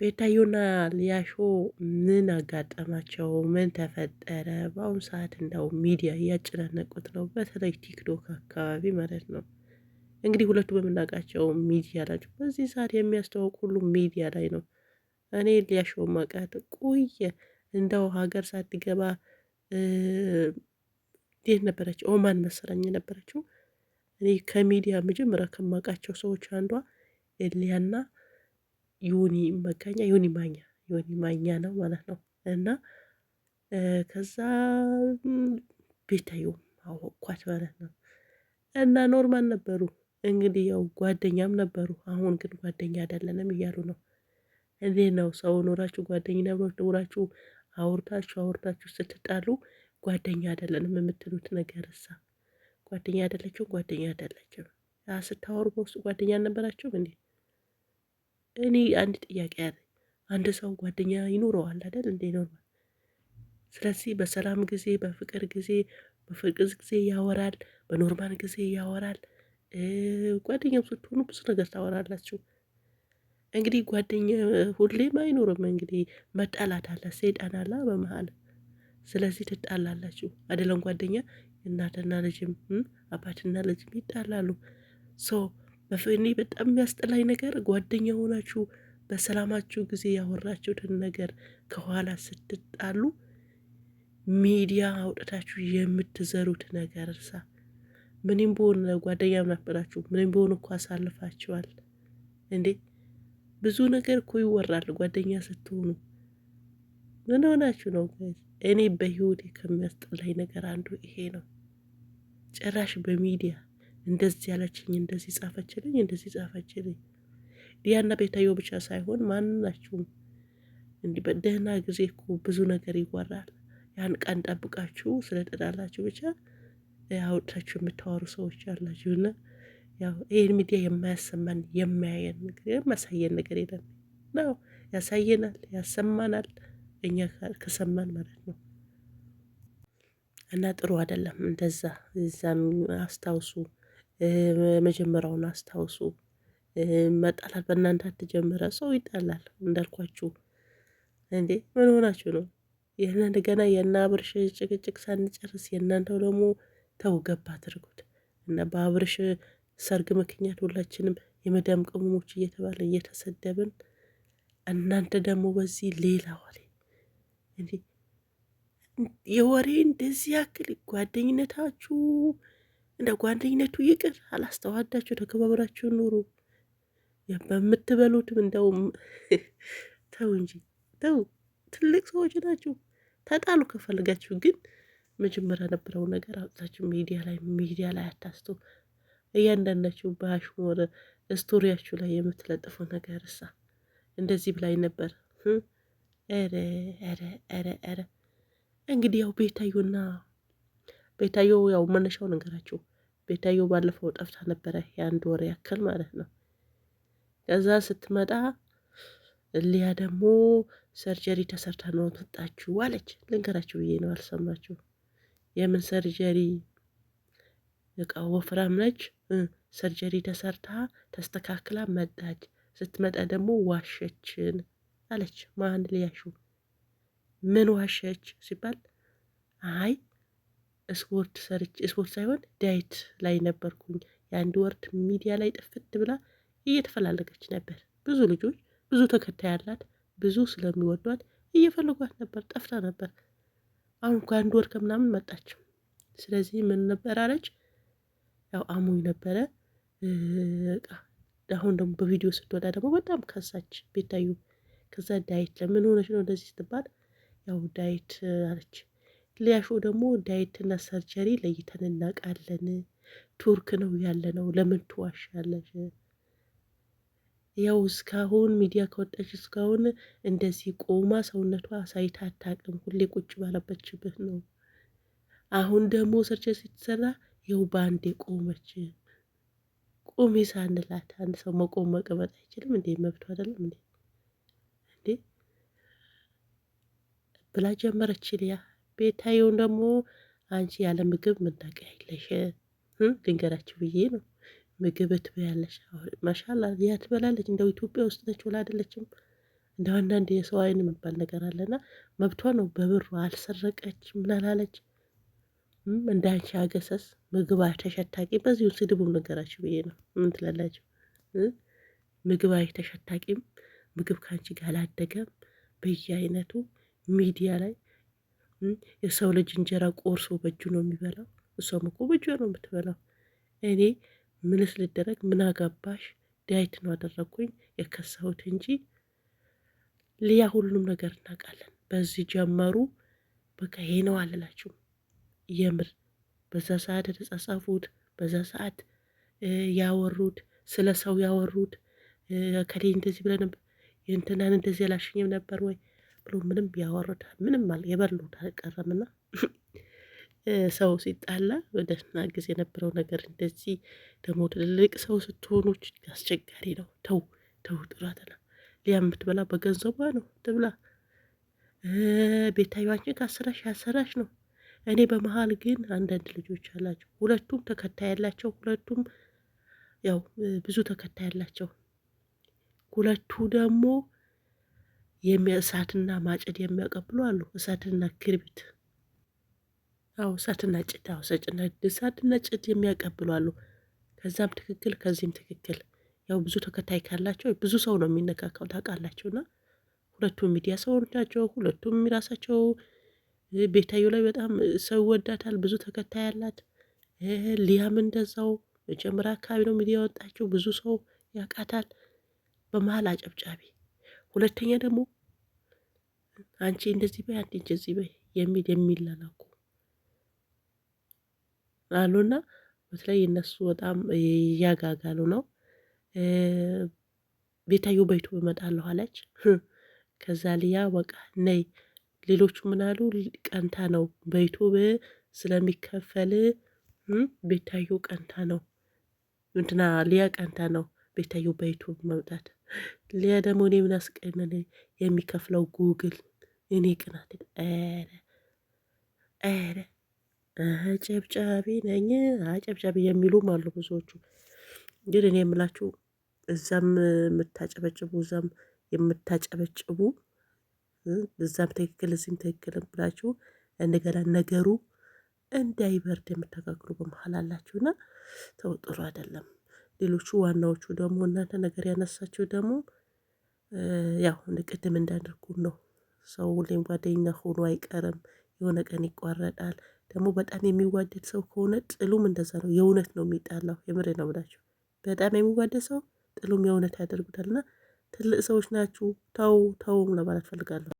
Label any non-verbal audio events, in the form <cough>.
ቤታዮና ሊያሾ ምን አጋጠማቸው? ምን ተፈጠረ? በአሁኑ ሰዓት እንደው ሚዲያ እያጨናነቁት ነው፣ በተለይ ቲክቶክ አካባቢ ማለት ነው። እንግዲህ ሁለቱ በምናውቃቸው ሚዲያ ላይ በዚህ ሰዓት የሚያስተዋውቅ ሁሉ ሚዲያ ላይ ነው። እኔ ሊያሾ ማቃት ቆየ። እንደው ሀገር ሳትገባ እንዴት ነበረች? ኦማን መሰለኝ ነበረችው። እኔ ከሚዲያ መጀመሪያ ከማውቃቸው ሰዎች አንዷ ኤልያና ዮኒ መገኛ ዮኒ ማኛ ዮኒ ማኛ ነው ማለት ነው። እና ከዛ ቤታየው አወቅኳት ማለት ነው። እና ኖርማል ነበሩ እንግዲህ ያው ጓደኛም ነበሩ። አሁን ግን ጓደኛ አይደለንም እያሉ ነው። እንዴት ነው ሰው ኖራችሁ ጓደኛ ኖራችሁ አውርታችሁ አውርታችሁ ስትጣሉ ጓደኛ አይደለንም የምትሉት ነገር እሳ ጓደኛ አይደለችም ጓደኛ አይደለችም። ስታወሩ በውስጥ ጓደኛ አልነበራችሁም እንዴ? እኔ አንድ ጥያቄ ያለ አንድ ሰው ጓደኛ ይኖረዋል አይደል? እንደ ኖርማል። ስለዚህ በሰላም ጊዜ፣ በፍቅር ጊዜ፣ በፍቅር ጊዜ በፍቅዝ ጊዜ ያወራል በኖርማል ጊዜ ያወራል። ጓደኛም ስትሆኑ ብዙ ነገር ታወራላችሁ። እንግዲህ ጓደኛ ሁሌም አይኖርም። እንግዲህ መጣላት አለ፣ ሰይጣን አለ በመሀል። ስለዚህ ትጣላላችሁ አይደለም? ጓደኛ እናትና ልጅም አባትና ልጅም ይጣላሉ። ሶ በእኔ በጣም የሚያስጠላኝ ነገር ጓደኛ ሆናችሁ በሰላማችሁ ጊዜ ያወራችሁትን ነገር ከኋላ ስትጣሉ ሚዲያ አውጥታችሁ የምትዘሩት ነገር እርሳ። ምንም ቢሆን ጓደኛ ነበራችሁ፣ ምንም ቢሆን እኮ አሳልፋችኋል እንዴ! ብዙ ነገር እኮ ይወራል ጓደኛ ስትሆኑ። ምን ሆናችሁ ነው? እኔ በህይወቴ ከሚያስጠላኝ ነገር አንዱ ይሄ ነው። ጭራሽ በሚዲያ እንደዚህ ያለችኝ፣ እንደዚህ ጻፈችልኝ፣ እንደዚህ ጻፈችልኝ። ዲያና ቤታዮ ብቻ ሳይሆን ማናችሁም እንዲህ በደህና ጊዜ እኮ ብዙ ነገር ይወራል። ያን ቀን ጠብቃችሁ ስለጠዳላችሁ ብቻ አውጥታችሁ የምታወሩ ሰዎች አላችሁ እና ያው ይህን ሚዲያ የማያሰማን የማያየን የማያሳየን ነገር የለም ነው። ያሳየናል፣ ያሰማናል እኛ ከሰማን ማለት ነው። እና ጥሩ አይደለም እንደዛ እዛም አስታውሱ። መጀመሪያውን አስታውሱ። መጣላት በእናንተ አልተጀመረ ሰው ይጣላል እንዳልኳችሁ። እንዴ ምን ሆናችሁ ነው? ይህንን ገና የእነ አብርሽ ጭቅጭቅ ሳንጨርስ የእናንተው ደግሞ ተው ገብ አድርጉት እና በአብርሽ ሰርግ ምክንያት ሁላችንም የመዳም ቅመሞች እየተባለ እየተሰደብን እናንተ ደግሞ በዚህ ሌላ ወሬ እንዴ! የወሬ እንደዚህ ያክል ጓደኝነታችሁ እንደ ጓደኝነቱ ይቅር አላስተዋዳችሁ ተከባብራችሁ ኑሩ። በምትበሉትም እንደውም <laughs> ተው እንጂ ተው። ትልቅ ሰዎች ናችሁ። ተጣሉ ከፈልጋችሁ ግን መጀመሪያ ነበረው ነገር አውጥታችሁ ሚዲያ ላይ ሚዲያ ላይ አታስቶ እያንዳንዳችሁ በአሽሙር ሆነ ስቶሪያችሁ ላይ የምትለጥፈው ነገር እሳ እንደዚህ ብላይ ነበር። ኧረ ኧረ ኧረ ኧረ እንግዲህ ያው ቤታዩና ቤታየው ያው መነሻው ነገራችሁ። ቤታየው ባለፈው ጠፍታ ነበረ የአንድ ወር ያክል ማለት ነው። ከዛ ስትመጣ ሊያ ደግሞ ሰርጀሪ ተሰርታ ነው መጣችሁ አለች። ልንገራችሁ ብዬ ነው አልሰማችሁ። የምን ሰርጀሪ እቃ ወፍራም ነች። ሰርጀሪ ተሰርታ ተስተካክላ መጣች። ስትመጣ ደግሞ ዋሸችን አለች። ማን ሊያሹ ምን ዋሸች ሲባል አይ ስፖርት ሰርች ስፖርት ሳይሆን ዳይት ላይ ነበርኩኝ። የአንድ ወርድ ሚዲያ ላይ ጥፍት ብላ እየተፈላለገች ነበር። ብዙ ልጆች ብዙ ተከታይ አላት፣ ብዙ ስለሚወዷት እየፈልጓት ነበር። ጠፍታ ነበር። አሁን ከአንድ ወር ከምናምን መጣች። ስለዚህ ምን ነበር አለች፣ ያው አሞኝ ነበረ። አሁን ደግሞ በቪዲዮ ስትወዳ ደግሞ በጣም ከሳች ቤታዩ። ከዛ ዳይት ለምን ሆነች ነው እንደዚህ ስትባል፣ ያው ዳይት አለች። ሊያሾ ደግሞ ዳይትና ሰርጀሪ ለይተን እናውቃለን። ቱርክ ነው ያለ ነው። ለምን ትዋሻለሽ? ያው እስካሁን ሚዲያ ከወጣች እስካሁን እንደዚህ ቆማ ሰውነቷ አሳይታ አታውቅም። ሁሌ ቁጭ ባለበችበት ነው። አሁን ደግሞ ሰርጀሪ ስትሰራ ይኸው በአንዴ ቆመች። ቁሚ ሳንላት አንድ ሰው መቆም መቀመጥ አይችልም እንዴ? መብቱ አይደለም እንዴ? እንዴ ብላ ጀመረች ሊያ ቤታየውን ደግሞ አንቺ ያለ ምግብ ምናቀ ያለሽ ልንገራችሁ ብዬ ነው። ምግብ ትበያለሽ ማሻላ ያ ትበላለች። እንደው ኢትዮጵያ ውስጥ ነች ብላ አይደለችም። እንደ አንዳንድ የሰው አይን የሚባል ነገር አለና መብቷ ነው። በብሩ አልሰረቀች ምን አላለች። እንደ አንቺ አገሰስ ምግብ ተሸታቂ በዚሁ ስድቡ ነገራችሁ ብዬ ነው። ምን ትላላችሁ? ምግብ አይተሸታቂም። ምግብ ከአንቺ ጋር አላደገም። በየአይነቱ ሚዲያ ላይ የሰው ልጅ እንጀራ ቆርሶ በእጁ ነው የሚበላው። እሷም እኮ በእጇ ነው የምትበላው። እኔ ምንስ ልደረግ ምን አጋባሽ? ዳይት ነው አደረግኩኝ የከሳሁት እንጂ ሊያ፣ ሁሉም ነገር እናውቃለን። በዚህ ጀመሩ በቃ ይሄ ነው አልላችሁ። የምር በዛ ሰዓት የተጻጻፉት በዛ ሰዓት ያወሩት ስለ ሰው ያወሩት ከሌ እንደዚህ ብለ ነበር፣ የእንትናን እንደዚህ አላሸኝም ነበር ወይ ብሎ ምንም ያወርዳ ምንም አለ የበሉት አልቀረምና <clears throat> ሰው ሲጣላ በደህና ጊዜ የነበረው ነገር እንደዚህ ደግሞ ትልልቅ ሰው ስትሆኖች አስቸጋሪ ነው። ተው ተው ጥራትና ሊያ የምትበላ በገንዘቧ ነው ትብላ። ቤታዩችን ከአስራሽ ያሰራሽ ነው። እኔ በመሀል ግን አንዳንድ ልጆች አላቸው። ሁለቱም ተከታይ ያላቸው ሁለቱም ያው ብዙ ተከታይ ያላቸው ሁለቱ ደግሞ እሳትና ማጨድ የሚያቀብሉ አሉ። እሳትና ክርቢት፣ አው እሳትና ጭድ፣ ሰጭና እሳትና ጭድ የሚያቀብሉ አሉ። ከዛም ትክክል ከዚህም ትክክል። ያው ብዙ ተከታይ ካላቸው ብዙ ሰው ነው የሚነካካው ታውቃላቸውና ሁለቱም ሚዲያ ሰዎች ናቸው። ሁለቱም የራሳቸው ቤታዩ ላይ በጣም ሰው ይወዳታል፣ ብዙ ተከታይ ያላት። ሊያም እንደዛው መጀመሪያ አካባቢ ነው ሚዲያ ወጣቸው ብዙ ሰው ያውቃታል። በመሀል አጨብጫቢ ሁለተኛ ደግሞ አንቺ እንደዚህ በይ አንቺ እንደዚህ በይ የሚል የሚላላኩ አሉና በተለይ እነሱ በጣም እያጋጋሉ ነው። ቤታዩ በይቱ እመጣለሁ አለች። ከዛ ሊያ በቃ ነይ። ሌሎቹ ምን አሉ? ቀንታ ነው በይቱ ስለሚከፈል ቤታዩ ቀንታ ነው እንትና ሊያ ቀንታ ነው ቤታዩ በይቱ መምጣት ሊያ ደግሞ እኔ ምን አስቀነን የሚከፍለው ጉግል እኔ ቅናት ረ ረ አጨብጫቢ ነኝ አጨብጫቢ የሚሉም አሉ ብዙዎቹ። ግን እኔ የምላችሁ እዛም የምታጨበጭቡ እዛም የምታጨበጭቡ እዛም ትክክል እዚህም ትክክል ብላችሁ እንደገና ነገሩ እንዳይበርድ የምታጋግሉ በመሀል አላችሁና ተው አይደለም። ሌሎቹ ዋናዎቹ ደግሞ እናንተ ነገር ያነሳችው ደግሞ ያው ቅድም እንዳደርጉ ነው። ሰው ሁሌም ጓደኛ ሆኖ አይቀርም የሆነ ቀን ይቋረጣል ደግሞ በጣም የሚዋደድ ሰው ከሆነ ጥሉም እንደዛ ነው የእውነት ነው የሚጣላው የምሬ ነው የምላችሁ። በጣም የሚዋደድ ሰው ጥሉም የእውነት ያደርጉታል እና ትልቅ ሰዎች ናችሁ ተው ተውም ለማለት ፈልጋለሁ።